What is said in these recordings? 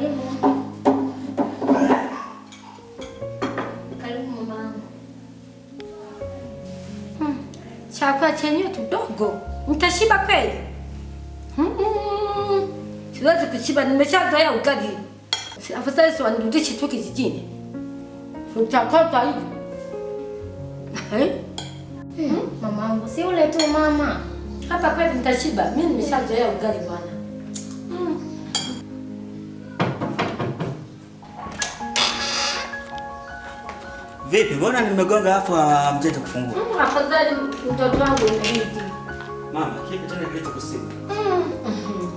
Karibu. Karibu mamaangu. Hmm. Chakula chenyewe kidogo. Mtashiba kweli? Hmm. Siwezi kushiba, nimeshazoea ugali. Afadhali si wanirudishe tu kijijini. Utakota hivi. Eh? Hmm. Mamaangu, si ule tu mama. Hapa kweli mtashiba. Mimi nimeshazoea ugali bwana. Hmm. Vipi, mbona nimegonga hapo ah, mtoto kufungua? Mama, afadhali mtoto wangu ni Mama, kipi tena kilicho kusema? Mm.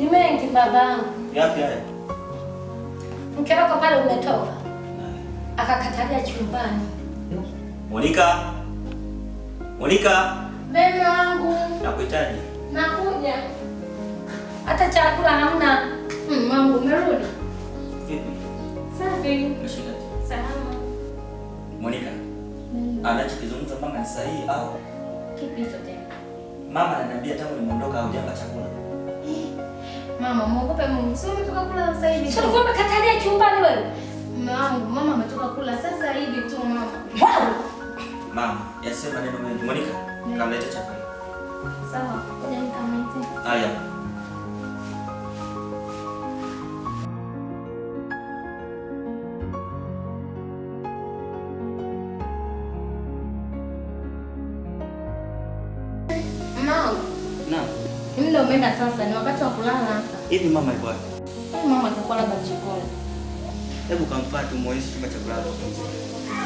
Ni mengi babangu. Yapi haya? Mke wako pale umetoka. Akakatalia chumbani. Monika. Monika. Bebe wangu. Nakuhitaji. Nakuja. Hata chakula hamna. Mwangu, mm, umerudi. Vipi? Safi. Nashika. Salama. Monica. Mm. Anachokizungumza mpaka sahihi au kipi hicho tena? Mama ananiambia tangu nimeondoka au jamba chakula. Mama, muogope Mungu. Sio umetoka kula sasa hivi. Sio kwamba katalia chumbani wewe. Mama, mama ametoka kula sasa hivi tu mama. Wow. Mama, yasema neno mengi. Monica, mm. kamleta chakula. Sawa, kuja nikamlete. Haya. Naam. Muda umeenda sasa, ni wakati wa kulala. Hivi mama yuko wapi? Hivi mama yuko labda jikoni. Hebu kamfuate muoneshe chumba cha kulala kwa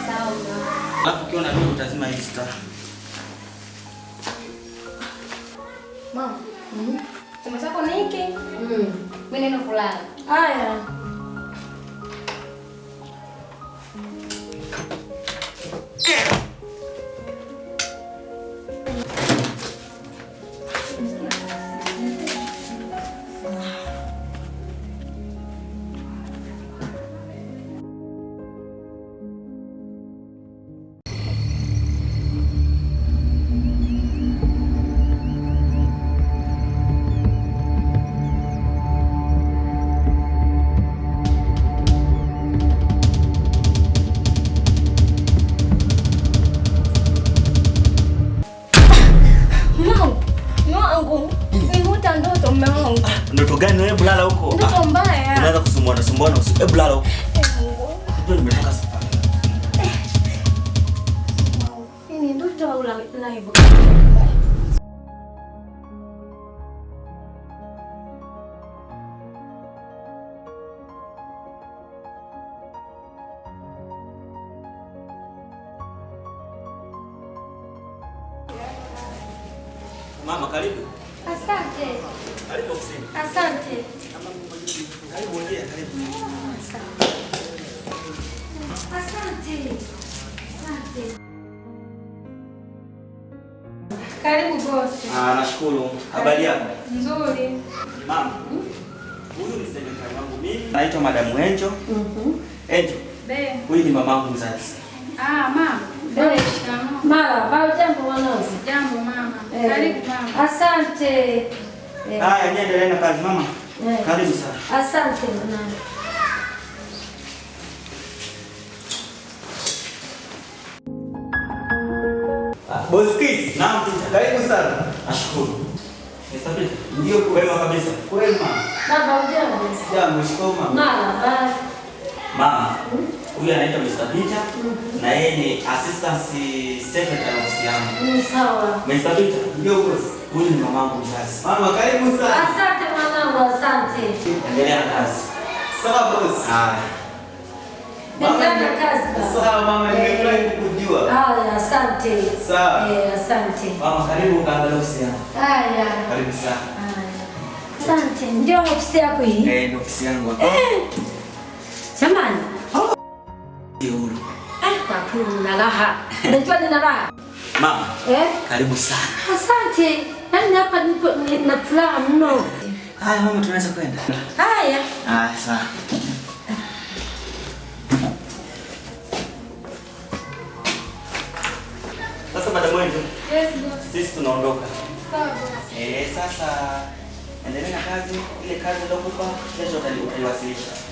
Sawa. Alafu ukiona nuru utazima hii star. Mama, mhm. Chumba chako ni hiki? Mhm. Mimi nenda kulala. Haya. Yeah. gani wewe, bulala huko. Ndoto ah. mbaya. Unaanza kusumbua sumbua na usiwe bulala huko. Eh, ndio nimetoka safari. Mimi eh, ndio tutakula na hivyo. Mama karibu. Asante. Karibu ofisini. Asante. Karibu ongea, karibu. Asante. Asante. Karibu boss. Ah, nashukuru. Habari yako? Nzuri. Mama. Huyu ni mzee wangu mimi. Naitwa Madam Enjo. Mhm. Enjo. Be. Huyu ni mamangu mzazi. Ah, mama. Be. Mara, bado jambo mwanangu. Jambo mama. Karibu eh, mama. Asante. Eh. Haya, niendelee na kazi mama. Eh. Karibu sana. Asante mama. Ah, boss Kiss. Naam, karibu sana. Nashukuru. Ndio kwema kabisa. Kwema. Baba, hujambo? Sijambo, shikoma. Mama. Mama huyu anaitwa Mr. Peter na yeye ni assistant secretary wa Ni mm, Sawa. Mr. Peter ndio boss. huyu ni mamangu mzazi. Mama karibu sana. Asante mamangu, asante. Endelea na kazi. Sawa boss. Ah. Mama na kazi. Sawa mama, eh. nimefurahi kukujua. Haya, asante. Sawa. Eh, asante. Mama karibu kaangalia uhusiano. Haya. Karibu sana. Asante. Ndio ofisi yako hii? Eh, ndio ofisi yangu. Eh. Jamani. Uhuru. Eh, kwa nina raha. Unajua nina raha. Mama. Eh? Karibu sana. Asante. Nani hapa nipo na furaha mno. Haya mama, tunaweza kwenda. Haya. Haya sawa. Sasa madam wewe. Yes, boss. Sisi tunaondoka. Sawa. Eh, sasa endelea na kazi, ile kazi ndogo kwa kesho utaliwasilisha.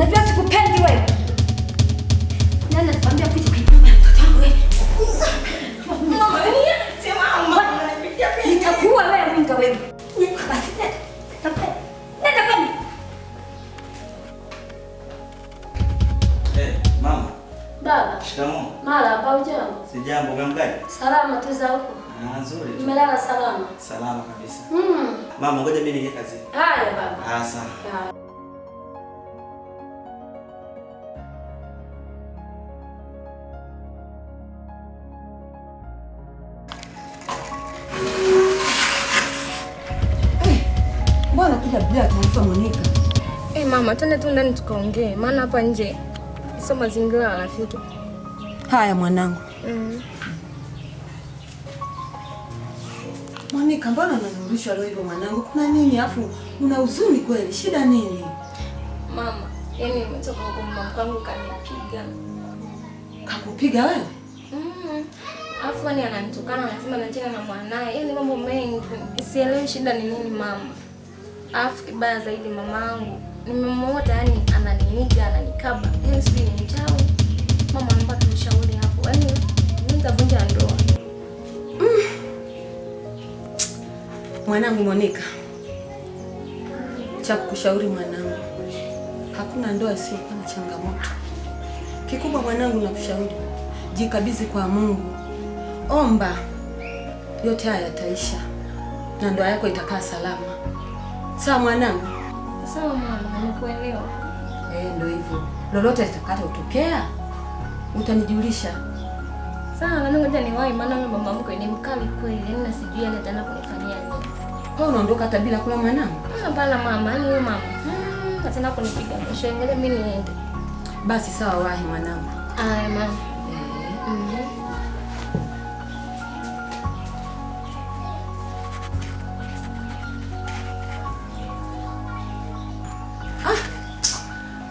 Unajua sikupendi wewe. Nani anakuambia kuja kwa nyumba ya mtoto wangu wewe? Nitakuwa wewe mwinga wewe. Basi nenda kwani. Eh, mama. Baba. Shikamoo. Mara hapa ujambo? Sijambo, umeamkaje? Salama tu za huko. Ah, nzuri. Nimelala salama. Salama kabisa. Mm. Mama, ngoja mimi niende kazini. Haya baba. Ah, Haya sana. Haya. bila taarifa Monica. Eh, mama, twende tu ndani tukaongee, maana hapa nje sio mazingira ya rafiki. Haya mwanangu. Mm. Monica, mbona unanirudisha leo hivyo mwanangu? Kuna nini afu una huzuni kweli? Shida nini? Mama, yani nimetoka huko mama kwangu kanipiga. Kakupiga wewe? Mm. Afu ni ananitukana anasema nachana na mwanae. Yaani mambo mengi. Sielewi shida ni nini mama. Alafu kibaya zaidi mamangu nimemuota, yani ananiiga ananikaba, yani sijui ni mchawi. Mama anaomba tumshauri hapo, yani nitavunja ndoa. Mm. Mwanangu Monika, cha kukushauri mwanangu, hakuna ndoa isiyokuwa na changamoto. Kikubwa mwanangu, nakushauri jikabidhi kwa Mungu, omba, yote haya yataisha na ndoa yako itakaa salama. Sawa mwanangu. Sawa mama, nakuelewa. Eh, ndio hivyo. Lolote litakata utokea utanijulisha. Sawa, na nami ngoja niwahi maana mimi mama mkwe ni mkali kweli. Yaani na sijui ana tena kunifanyia nini. Kwa unaondoka hata bila kula mwanangu? Hapana ah, mama, ni yaani mama. Hmm, tena kunipiga Shangaa mimi niende. Basi sawa, wahi mwanangu. Aya mama.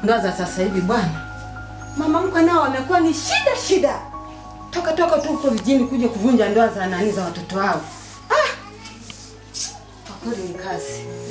ndoa za sasa hivi bwana, mama mkwe nao wamekuwa ni shida shida, toka toka tu huko vijini kuja kuvunja ndoa za nani za watoto wao. Ah, kwa kweli ni kazi.